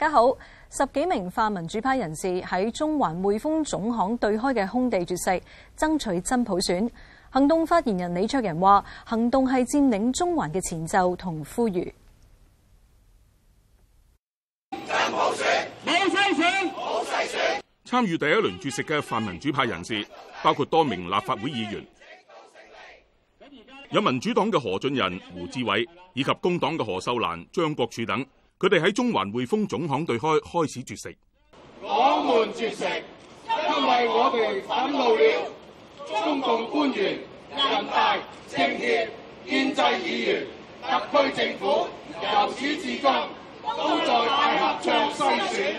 大家好，十幾名泛民主派人士喺中環滙豐總行對開嘅空地絕食，爭取真普選。行動發言人李卓人話，行動係佔領中環嘅前奏同呼籲。真普選。參與第一輪絕食嘅泛民主派人士包括多名立法會議員，有民主黨嘅何俊仁、胡志偉，以及工黨嘅何秀蘭、張國柱等。佢哋喺中環匯豐總行對開開始絕食。我們絕食，因為我哋憤怒了。中共官員、人大、政協、建制議員、特區政府，由始至終都在大合唱篩選，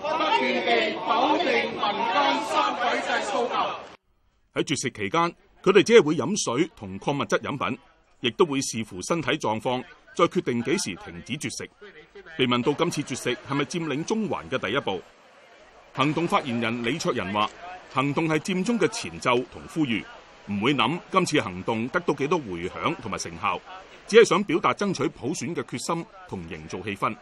不斷地否定民間三軌制訴求。喺絕食期間，佢哋只係會飲水同礦物質飲品，亦都會視乎身體狀況，再決定幾時停止絕食。被問到今次絕食係咪佔領中環嘅第一步，行動發言人李卓人話：行動係佔中嘅前奏同呼籲，唔會諗今次行動得到幾多回響同埋成效，只係想表達爭取普選嘅決心同營造氣氛。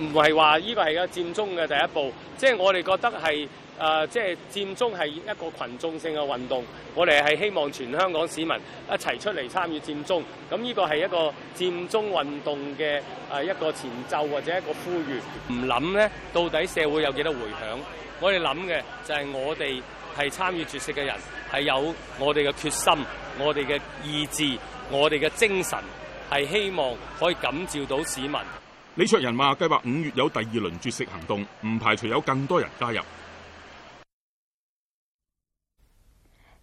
唔係話依個係個佔中嘅第一步，即係我哋覺得係誒，即係佔中係一個群眾性嘅運動，我哋係希望全香港市民一齊出嚟參與佔中。咁呢個係一個佔中運動嘅誒、呃、一個前奏或者一個呼籲，唔諗咧，到底社會有幾多回響，我哋諗嘅就係我哋係參與絕食嘅人係有我哋嘅決心、我哋嘅意志、我哋嘅精神，係希望可以感召到市民。李卓人話：計劃五月有第二輪絕食行動，唔排除有更多人加入。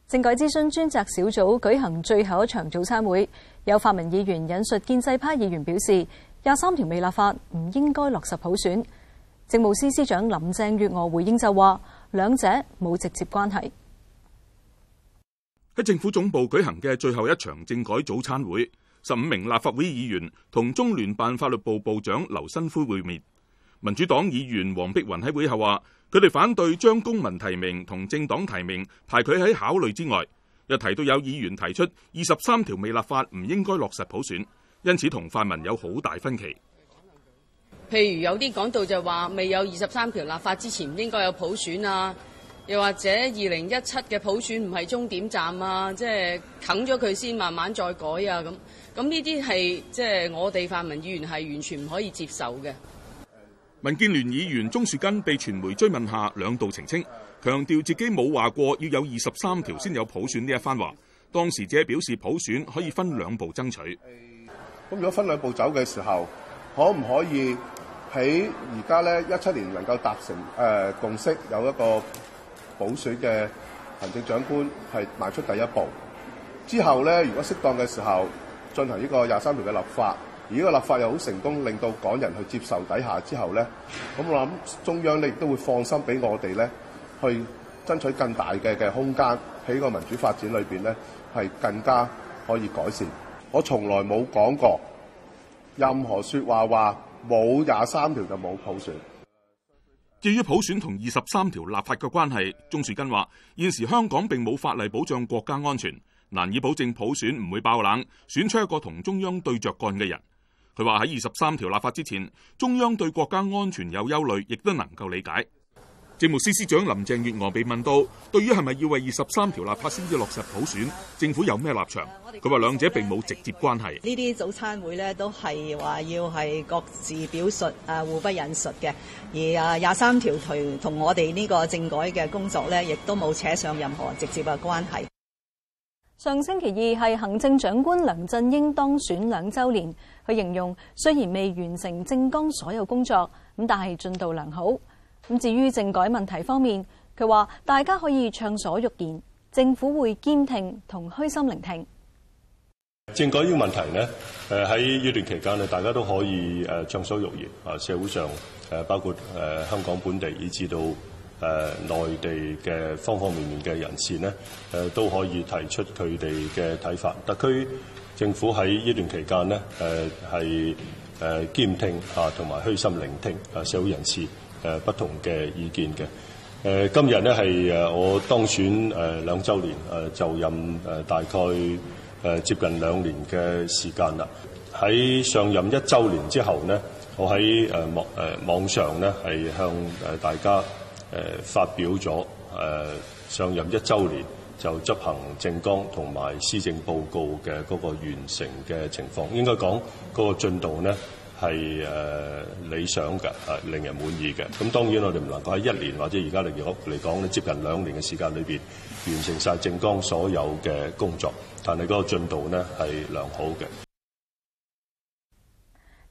政改諮詢專責小組舉行最後一場早餐會，有泛民議員引述建制派議員表示，廿三條未立法唔應該落實普選。政務司司長林鄭月娥回應就話，兩者冇直接關係。喺政府總部舉行嘅最後一場政改早餐會。十五名立法會議員同中聯辦法律部部長劉新輝會面。民主黨議員黃碧雲喺會後話，佢哋反對將公民提名同政黨提名排除喺考慮之外，又提到有議員提出二十三條未立法唔應該落實普選，因此同泛民有好大分歧。譬如有啲講到就話未有二十三條立法之前唔應該有普選啊，又或者二零一七嘅普選唔係終點站啊，即係啃咗佢先慢慢再改啊咁。咁呢啲係即係我哋泛民議員係完全唔可以接受嘅。民建聯議員鍾樹根被傳媒追問下兩度澄清，強調自己冇話過要有二十三條先有普選呢一番話，當時只係表示普選可以分兩步爭取。咁如果分兩步走嘅時候，可唔可以喺而家咧一七年能夠達成、呃、共識，有一個普選嘅行政長官係邁出第一步之後咧？如果適當嘅時候，進行呢個廿三條嘅立法，而呢個立法又好成功，令到港人去接受底下之後呢。咁我諗中央你亦都會放心俾我哋呢去爭取更大嘅嘅空間，喺個民主發展裏邊呢係更加可以改善。我從來冇講過任何説話話冇廿三條就冇普選。至於普選同二十三條立法嘅關係，鍾樹根話：現時香港並冇法例保障國家安全。難以保證普選唔會爆冷，選出一個同中央對着幹嘅人。佢話喺二十三條立法之前，中央對國家安全有憂慮，亦都能夠理解。 政務司司長林鄭月娥被問到，對於係咪要為二十三條立法先至落實普選，政府有咩立場？佢話兩者並冇直接關係。呢啲早餐會呢都係話要係各自表述，誒互不引述嘅，而誒廿三條同同我哋呢個政改嘅工作呢亦都冇扯上任何直接嘅關係。上星期二係行政長官梁振英當選兩周年，佢形容雖然未完成政綱所有工作，咁但係進度良好。咁至於政改問題方面，佢話大家可以暢所欲言，政府會兼聽同虛心聆聽。政改呢個問題呢，誒喺呢段期間呢，大家都可以誒暢所欲言啊，社會上誒包括誒香港本地以至到。誒、呃、內地嘅方方面面嘅人士呢，誒、呃、都可以提出佢哋嘅睇法。特區政府喺呢段期間呢，誒係誒兼聽嚇，同埋虛心聆聽啊社會人士誒、呃、不同嘅意見嘅。誒、呃、今日呢，係誒我當選誒兩週年誒、呃、就任誒大概誒、呃、接近兩年嘅時間啦。喺上任一週年之後呢，我喺誒網誒網上呢，係向誒大家。誒、呃、發表咗誒、呃、上任一週年就執行政綱同埋施政報告嘅嗰個完成嘅情況，應該講嗰個進度呢係誒、呃、理想嘅，係令人滿意嘅。咁當然我哋唔能夠喺一年或者而家嚟講嚟講呢接近兩年嘅時間裏面完成曬政綱所有嘅工作，但係嗰個進度呢係良好嘅。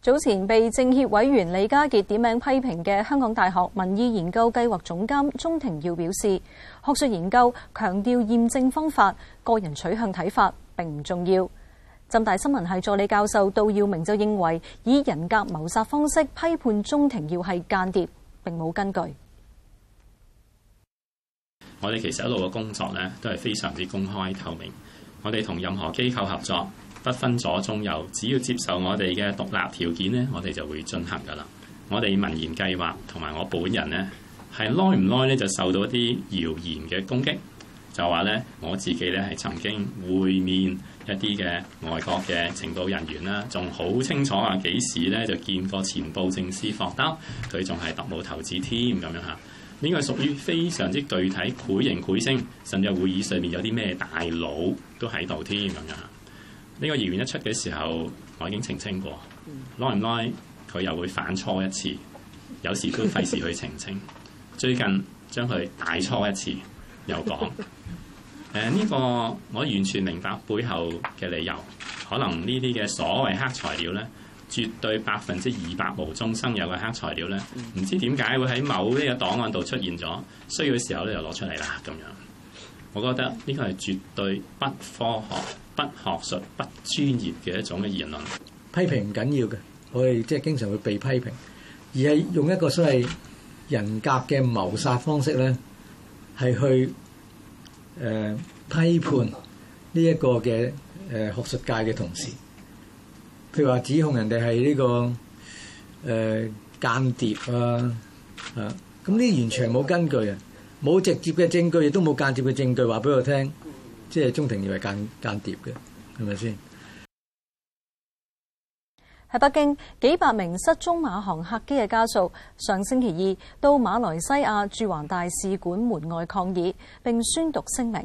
早前被政協委員李家傑點名批評嘅香港大學民意研究計劃總監鍾庭耀表示，學術研究強調驗證方法，個人取向睇法並唔重要。浸大新聞系助理教授杜耀明就認為，以人格謀殺方式批判鍾庭耀係間諜，並冇根據。我哋其實一路嘅工作咧，都係非常之公開透明。我哋同任何機構合作。不分左中右，只要接受我哋嘅獨立條件咧，我哋就會進行噶啦。我哋民研計劃同埋我本人咧，係耐唔耐咧就受到一啲謠言嘅攻擊，就話咧我自己咧係曾經會面一啲嘅外國嘅情報人員啦，仲好清楚啊幾時咧就見過前布政司霍德，佢仲係特務頭子添，咁樣嚇。呢個屬於非常之具體，繪形繪聲，甚至會議上面有啲咩大佬都喺度添，咁樣呢、這個疑問一出嘅時候，我已經澄清過。耐唔耐佢又會反錯一次？有時都費事去澄清。 最近將佢大錯一次，又講。誒 呢、呃這個我完全明白背後嘅理由。可能呢啲嘅所謂黑材料咧，絕對百分之二百無中生有嘅黑材料咧，唔、嗯、知點解會喺某呢個檔案度出現咗，需要嘅時候咧又攞出嚟啦，咁樣。我覺得呢個係絕對不科學、不學術、不專業嘅一種嘅言論。批評唔緊要嘅，我哋即係經常會被批評，而係用一個所謂人格嘅謀殺方式咧，係去誒、呃、批判呢一個嘅誒、呃、學術界嘅同事。譬如話指控人哋係呢個誒、呃、間諜啊，啊咁呢完全冇根據啊！冇直接嘅證據，亦都冇間接嘅證據話俾我聽，即係鍾庭以為間間諜嘅，係咪先？喺北京，幾百名失蹤馬航客機嘅家屬，上星期二到馬來西亞駐華大使館門外抗議，並宣讀聲明。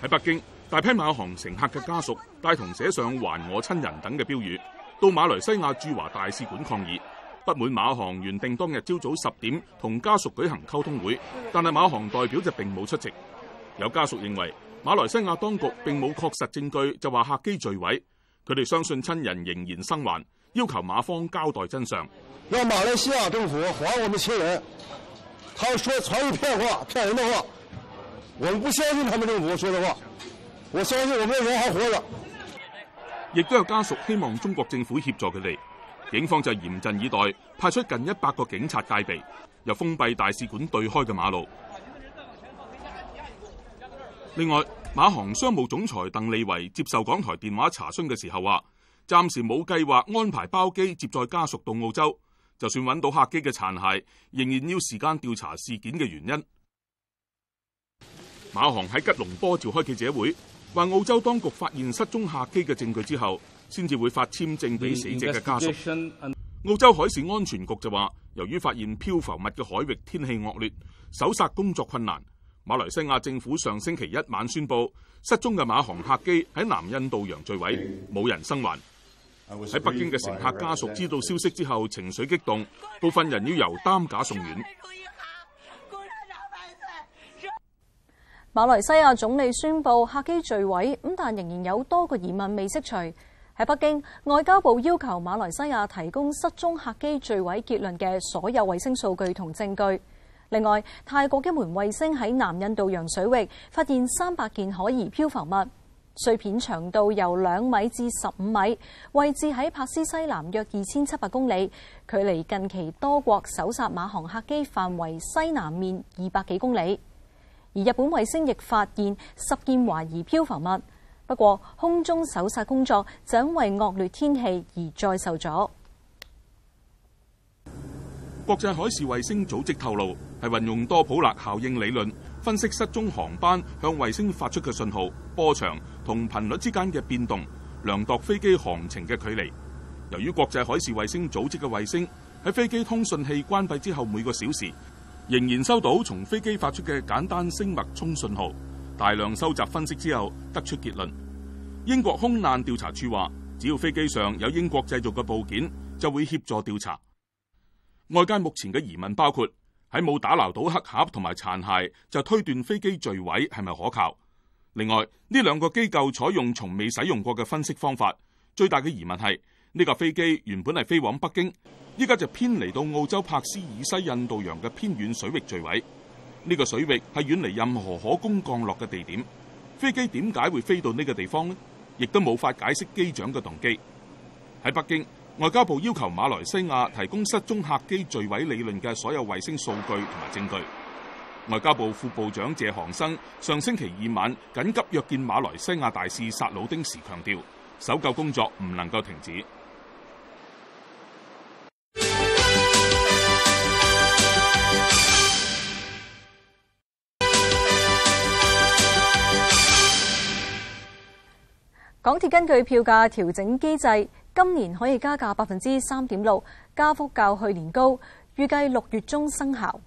喺北京，大批馬航乘客嘅家屬，帶同寫上「還我親人」等嘅標語，到馬來西亞駐華大使館抗議。不滿馬航原定當日朝早十點同家屬舉行溝通會，但係馬航代表就並冇出席。有家屬認為馬來西亞當局並冇確實證據就話客機墜毀，佢哋相信親人仍然生還，要求馬方交代真相。讓馬來西亞政府還我們親人，他說全是騙話，騙人的話，我們不相信他們政府說的話，我相信我們的人還活着。亦都有家屬希望中國政府協助佢哋。警方就嚴陣以待，派出近一百個警察戒備，又封閉大使館對開嘅馬路。另外，馬航商務總裁鄧利維接受港台電話查詢嘅時候話，暫時冇計劃安排包機接載家屬到澳洲，就算揾到客機嘅殘骸，仍然要時間調查事件嘅原因。馬航喺吉隆坡召開記者會，話澳洲當局發現失蹤客機嘅證據之後，先至會發簽證俾死者嘅家屬。澳洲海事安全局就話，由於發現漂浮物嘅海域天氣惡劣，搜索工作困難。馬來西亞政府上星期一晚宣布，失蹤嘅馬航客機喺南印度洋墜毀，冇人生還。喺北京嘅乘客家屬知道消息之後，情緒激動，部分人要由擔架送院。馬來西亞總理宣布客機墜毀，咁但仍然有多個疑問未釋除。喺北京，外交部要求馬來西亞提供失蹤客機墜毀結論嘅所有衛星數據同證據。另外，泰國嘅門衛星喺南印度洋水域發現三百件可疑漂浮物，碎片長度由兩米至十五米，位置喺帕斯西南約二千七百公里，距離近期多國搜查馬航客機範圍西南面二百幾公里。而日本衛星亦發現十件懷疑漂浮物。不過，空中搜索工作就因為惡劣天氣而再受阻。國際海事衛星組織透露，係運用多普勒效應理論，分析失蹤航班向衛星發出嘅信號波長同頻率之間嘅變動，量度飛機航程嘅距離。由於國際海事衛星組織嘅衛星喺飛機通訊器關閉之後，每個小時仍然收到從飛機發出嘅簡單聲脈衝信號。大量收集分析之後，得出結論。英國空難調查處話，只要飛機上有英國製造嘅部件，就會協助調查。外界目前嘅疑問包括：喺冇打撈到黑盒同埋殘骸，就推斷飛機墜毀係咪可靠？另外，呢兩個機構採用從未使用過嘅分析方法。最大嘅疑問係：呢架飛機原本係飛往北京，依家就偏離到澳洲柏斯以西印度洋嘅偏遠水域墜毀。呢個水域係遠離任何可供降落嘅地點，飛機點解會飛到呢個地方呢？亦都冇法解釋機長嘅動機。喺北京，外交部要求馬來西亞提供失蹤客機墜毀理論嘅所有衛星數據同埋證據。外交部副部長謝航生上星期二晚緊急約見馬來西亞大使薩魯丁時，強調搜救工作唔能夠停止。港鐵根據票價調整機制，今年可以加價百分之三點六，加幅較去年高，預計六月中生效。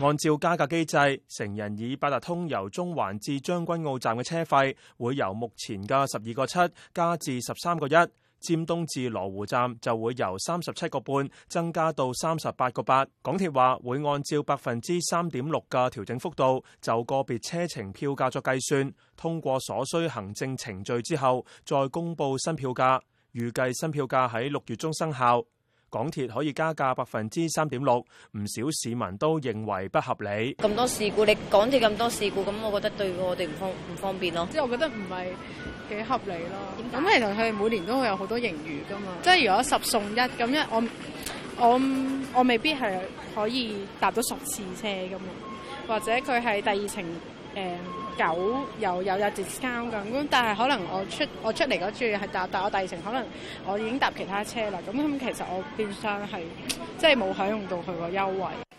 按照加價機制，成人以八達通由中環至將軍澳站嘅車費，會由目前嘅十二個七加至十三個一。尖東至羅湖站就會由三十七個半增加到三十八個八。港鐵話會按照百分之三點六嘅調整幅度，就個別車程票價作計算，通過所需行政程序之後，再公布新票價。預計新票價喺六月中生效。港鐵可以加價百分之三點六，唔少市民都認為不合理。咁多事故，你港鐵咁多事故，咁我覺得對我哋唔方唔方便咯。即係我覺得唔係。幾合理咯。咁其實佢每年都會有好多盈餘㗎嘛。即係如果十送一咁樣，我我我未必係可以搭到十次車㗎嘛。或者佢係第二程誒九又有有有 discount 咁。咁但係可能我出我出嚟嗰次係搭搭我第二程，可能我已經搭其他車啦。咁咁其實我變相係即係冇享用到佢個優惠。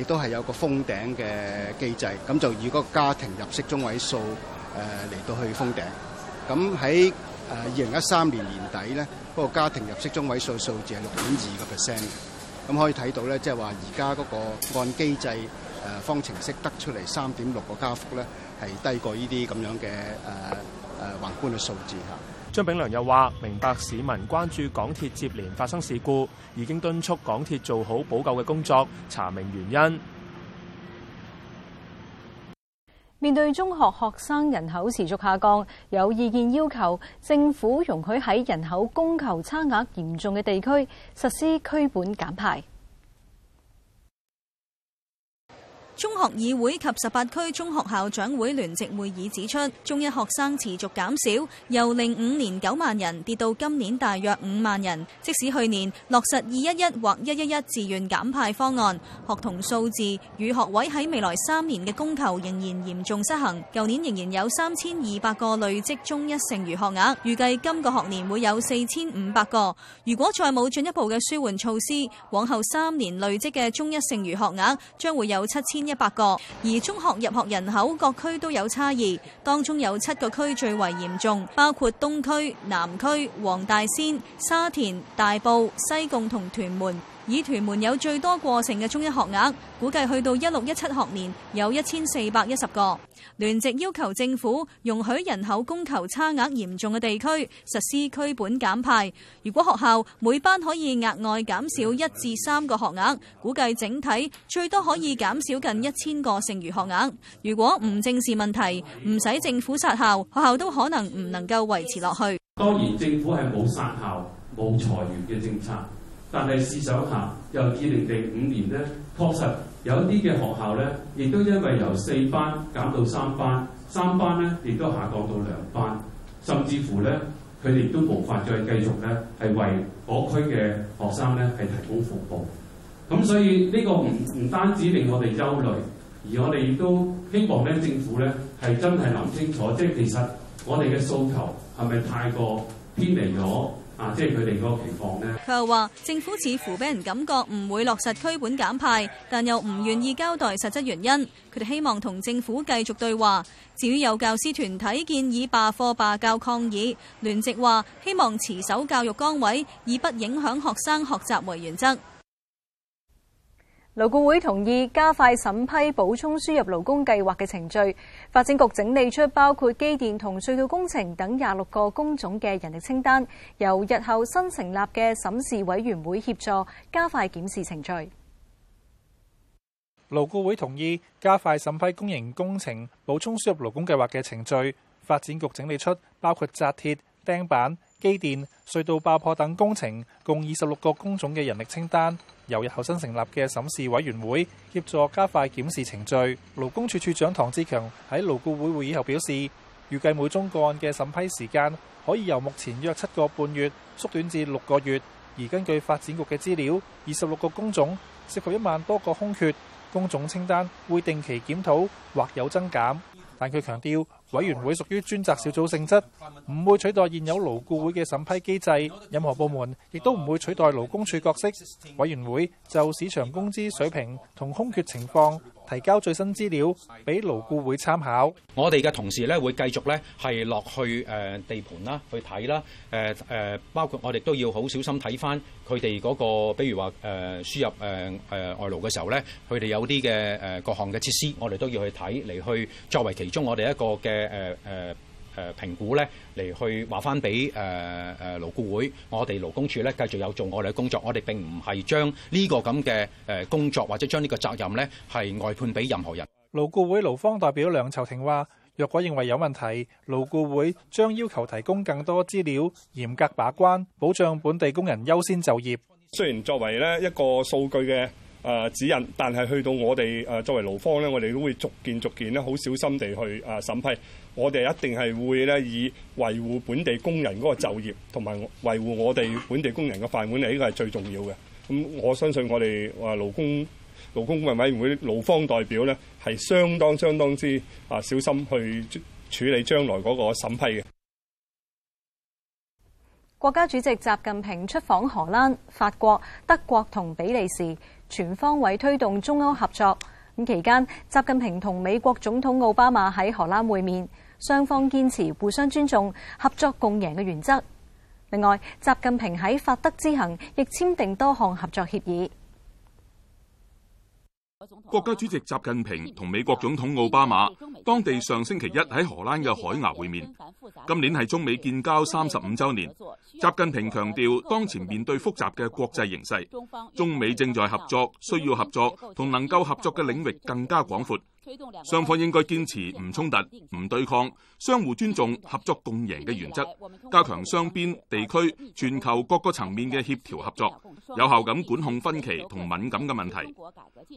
亦都係有個封頂嘅機制，咁就以嗰個家庭入息中位數誒嚟到去封頂。咁喺誒二零一三年年底咧，嗰個家庭入息中位數數字係六點二個 percent 嘅。咁可以睇到咧，即係話而家嗰個按機制誒方程式得出嚟三點六個加幅咧，係低過呢啲咁樣嘅誒誒宏觀嘅數字嚇。張炳良又話：明白市民關注港鐵接連發生事故，已經敦促港鐵做好補救嘅工作，查明原因。面對中學學生人口持續下降，有意見要求政府容許喺人口供求差額嚴重嘅地區實施區本減派。中學議會及十八區中學校長會聯席會議指出，中一學生持續減少，由零五年九萬人跌到今年大約五萬人。即使去年落實二一一或一一一自願減派方案，學童數字與學位喺未來三年嘅供求仍然嚴重失衡。舊年仍然有三千二百個累積中一剩餘學額，預計今個學年會有四千五百個。如果再冇進一步嘅舒緩措施，往後三年累積嘅中一剩餘學額將會有七千一百個，而中學入學人口各區都有差異，當中有七個區最為嚴重，包括東區、南區、黃大仙、沙田、大埔、西貢同屯門。以屯門有最多過剩嘅中一學額，估計去到一六一七學年有一千四百一十個。聯席要求政府容許人口供求差額嚴重嘅地區實施區本減派。如果學校每班可以額外減少一至三個學額，估計整體最多可以減少近一千個剩餘學額。如果唔正視問題，唔使政府殺校，學校都可能唔能夠維持落去。當然，政府係冇殺校、冇裁員嘅政策。但係試想下，由二零零五年咧，確實有啲嘅學校咧，亦都因為由四班減到三班，三班咧亦都下降到兩班，甚至乎咧，佢哋亦都無法再繼續咧係為嗰區嘅學生咧係提供服務。咁所以呢個唔唔單止令我哋憂慮，而我哋亦都希望咧，政府咧係真係諗清楚，即係其實我哋嘅訴求係咪太過偏離咗？即係佢哋嘅情況呢，佢又話：政府似乎俾人感覺唔會落實區本減派，但又唔願意交代實質原因。佢哋希望同政府繼續對話。至於有教師團體建議罷課罷教抗議，聯席話希望持守教育崗位，以不影響學生學習為原則。勞顧會同意加快審批補充輸入勞工計劃嘅程序，發展局整理出包括機電同隧道工程等廿六個工種嘅人力清單，由日後新成立嘅審視委員會協助加快檢視程序。勞顧會同意加快審批公營工程補充輸入勞工計劃嘅程序，發展局整理出包括紮鐵、釘板。機電、隧道爆破等工程共二十六個工種嘅人力清單，由日後新成立嘅審視委員會協助加快檢視程序。勞工處處長唐志強喺勞顧會會議後表示，預計每宗個案嘅審批時間可以由目前約七個半月縮短至六個月。而根據發展局嘅資料，二十六個工種涉及一萬多個空缺，工種清單會定期檢討或有增減。但佢強調，委員會屬於專責小組性質，唔會取代現有勞顧會嘅審批機制，任何部門亦都唔會取代勞工處角色。委員會就市場工資水平同空缺情況，提交最新資料俾勞顧會參考。我哋嘅同事咧會繼續咧係落去誒地盤啦，去睇啦。誒誒，包括我哋都要好小心睇返佢哋嗰個，比如話誒輸入誒誒外勞嘅時候咧，佢哋有啲嘅誒各項嘅設施，我哋都要去睇嚟去作為其中我哋一個嘅誒誒。誒評估咧，嚟去話翻俾誒誒勞顧會，我哋勞工處咧繼續有做我哋嘅工作，我哋並唔係將呢個咁嘅工作或者將呢個責任咧係外判俾任何人。勞顧會勞方代表梁籌庭話：若果認為有問題，勞顧會將要求提供更多資料，嚴格把關，保障本地工人優先就業。雖然作為呢一個數據嘅。誒、呃、指引，但係去到我哋誒、呃、作為勞方咧，我哋都會逐件逐件咧，好小心地去誒審批。我哋一定係會咧以維護本地工人嗰個就業同埋維護我哋本地工人嘅飯碗嚟，呢、這個係最重要嘅。咁、嗯、我相信我哋誒、呃、勞工勞工公民委員會勞方代表咧，係相當相當之啊小心去處理將來嗰個審批嘅。國家主席習近平出訪荷蘭、法國、德國同比利時。全方位推動中歐合作咁期間，習近平同美國總統奧巴馬喺荷蘭會面，雙方堅持互相尊重、合作共贏嘅原則。另外，習近平喺法德之行亦簽訂多項合作協議。國家主席習近平同美國總統奧巴馬當地上星期一喺荷蘭嘅海牙會面。今年係中美建交三十五周年。習近平強調，當前面對複雜嘅國際形勢，中美正在合作，需要合作，同能夠合作嘅領域更加廣闊。雙方應該堅持唔衝突、唔對抗、相互尊重、合作共贏嘅原則，加強雙邊、地區、全球各個層面嘅協調合作，有效咁管控分歧同敏感嘅問題。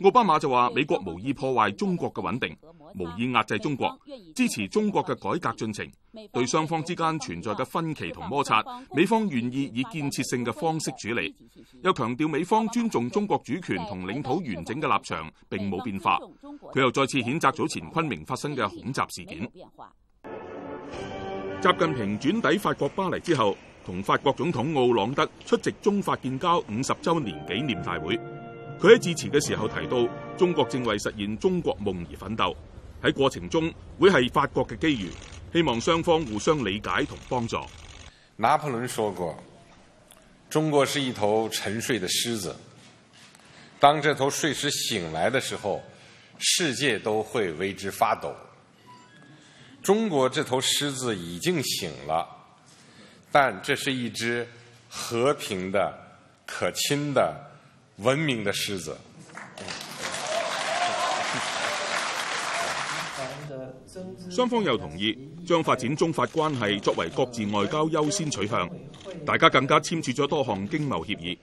奧巴馬就話：美國無意破壞中國嘅穩定，無意壓制中國，支持中國嘅改革進程。對雙方之間存在嘅分歧同摩擦，美方願意以建設性嘅方式處理。又強調美方尊重中國主權同領土完整嘅立場，並冇變化。佢又再次斥譴責早前昆明發生嘅恐襲事件。習近平轉抵法國巴黎之後，同法國總統奧朗德出席中法建交五十周年紀念大會。佢喺致辭嘅時候提到，中國正為實現中國夢而奮鬥，喺過程中會係法國嘅機遇，希望雙方互相理解同幫助。拿破崙說過，中國是一頭沉睡的獅子，當這頭睡獅醒來的時候。世界都會為之發抖。中國這頭獅子已經醒了，但這是一隻和平的、可親的、文明的獅子。雙方又同意將發展中法關係作為各自外交優先取向，大家更加簽署咗多項經貿協議。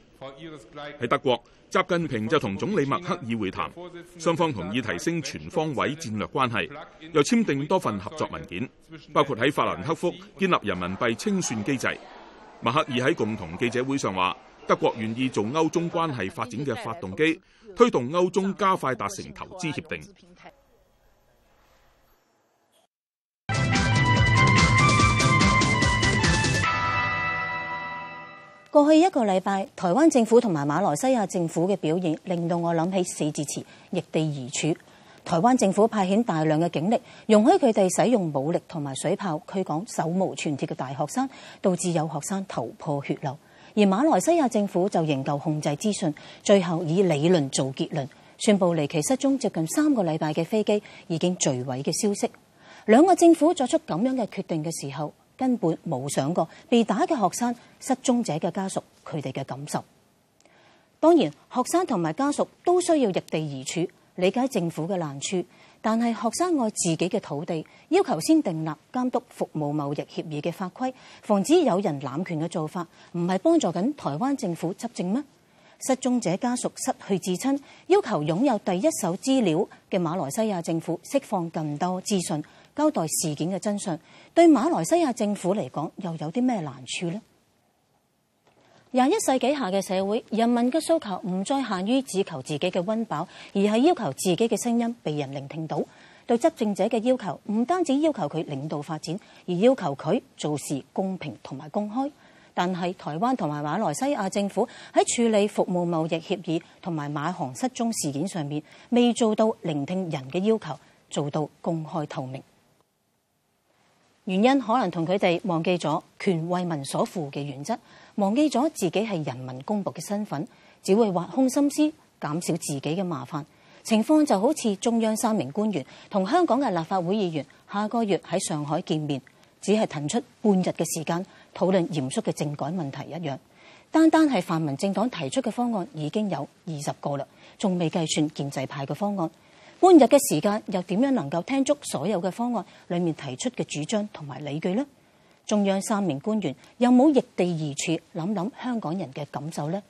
喺德國，習近平就同總理默克爾會談，雙方同意提升全方位戰略關係，又簽訂多份合作文件，包括喺法蘭克福建立人民幣清算機制。默克爾喺共同記者會上話，德國願意做歐中關係發展嘅發動機，推動歐中加快達成投資協定。過去一個禮拜，台灣政府同埋馬來西亞政府嘅表現，令到我諗起四字詞：易地而處。台灣政府派遣大量嘅警力，容許佢哋使用武力同埋水炮驅趕手無寸鐵嘅大學生，導致有學生頭破血流；而馬來西亞政府就仍舊控制資訊，最後以理論做結論，宣佈離奇失蹤接近，近三個禮拜嘅飛機已經墜毀嘅消息。兩個政府作出咁樣嘅決定嘅時候，根本冇想過被打嘅學生、失蹤者嘅家屬，佢哋嘅感受。當然，學生同埋家屬都需要易地而處，理解政府嘅難處。但係學生愛自己嘅土地，要求先訂立監督服務貿易協議嘅法規，防止有人濫權嘅做法，唔係幫助緊台灣政府執政咩？失蹤者家屬失去至親，要求擁有第一手資料嘅馬來西亞政府釋放更多資訊。交代事件嘅真相，對馬來西亞政府嚟講又有啲咩難處呢？廿一世紀下嘅社會，人民嘅訴求唔再限於只求自己嘅溫飽，而係要求自己嘅聲音被人聆聽到。對執政者嘅要求，唔單止要求佢領導發展，而要求佢做事公平同埋公開。但係台灣同埋馬來西亞政府喺處理服務貿易協議同埋馬航失蹤事件上面未做到聆聽人嘅要求，做到公開透明。原因可能同佢哋忘記咗權為民所賦嘅原則，忘記咗自己係人民公僕嘅身份，只會挖空心思減少自己嘅麻煩。情況就好似中央三名官員同香港嘅立法會議員下個月喺上海見面，只係騰出半日嘅時間討論嚴肅嘅政改問題一樣。單單係泛民政黨提出嘅方案已經有二十個啦，仲未計算建制派嘅方案。半日嘅時間，又點樣能夠聽足所有嘅方案裏面提出嘅主張同埋理據呢？中央三名官員有冇易地而處，諗諗香港人嘅感受呢？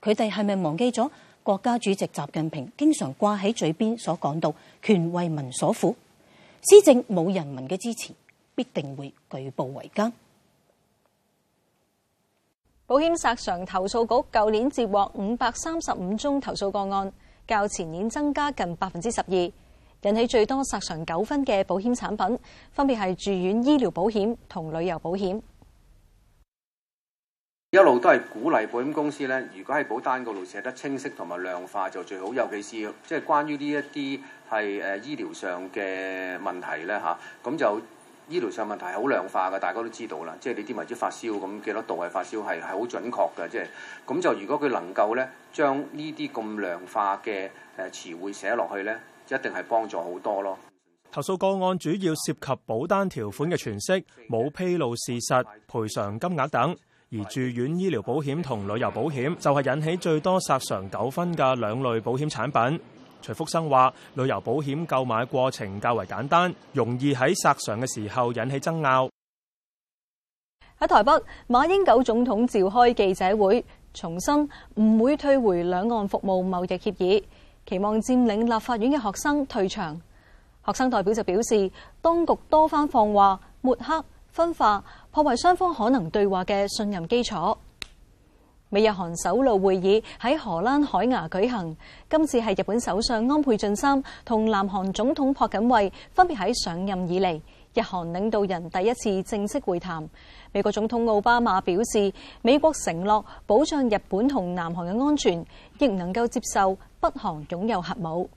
佢哋係咪忘記咗國家主席習近平經常掛喺嘴邊所講到，權為民所賦，施政冇人民嘅支持，必定會舉步維艱。保險索償投訴局舊年接獲五百三十五宗投訴個案。較前年增加近百分之十二，引起最多索償糾紛嘅保險產品，分別係住院醫療保險同旅遊保險。一路都係鼓勵保險公司咧，如果喺保單嗰度寫得清晰同埋量化就最好，尤其是即係關於呢一啲係誒醫療上嘅問題咧吓咁就。醫療上問題係好量化嘅，大家都知道啦。即係你啲患者發燒，咁幾多度係發燒係係好準確嘅。即係咁就如果佢能夠咧將呢啲咁量化嘅誒詞彙寫落去咧，一定係幫助好多咯。投訴個案主要涉及保單條款嘅詮釋、冇披露事實、賠償金額等，而住院醫療保險同旅遊保險就係引起最多索償糾紛嘅兩類保險產品。徐福生話：旅遊保險購買過程較為簡單，容易喺索償嘅時候引起爭拗。喺台北，馬英九總統召開記者會，重申唔會退回兩岸服務貿易協議，期望佔領立法院嘅學生退場。學生代表就表示，當局多番放話，抹黑、分化，破壞雙方可能對話嘅信任基礎。美日韓首腦會議喺荷蘭海牙舉行，今次係日本首相安倍晉三同南韓總統朴槿惠分別喺上任以嚟，日韓領導人第一次正式會談。美國總統奧巴馬表示，美國承諾保障日本同南韓嘅安全，亦能夠接受北韓擁有核武。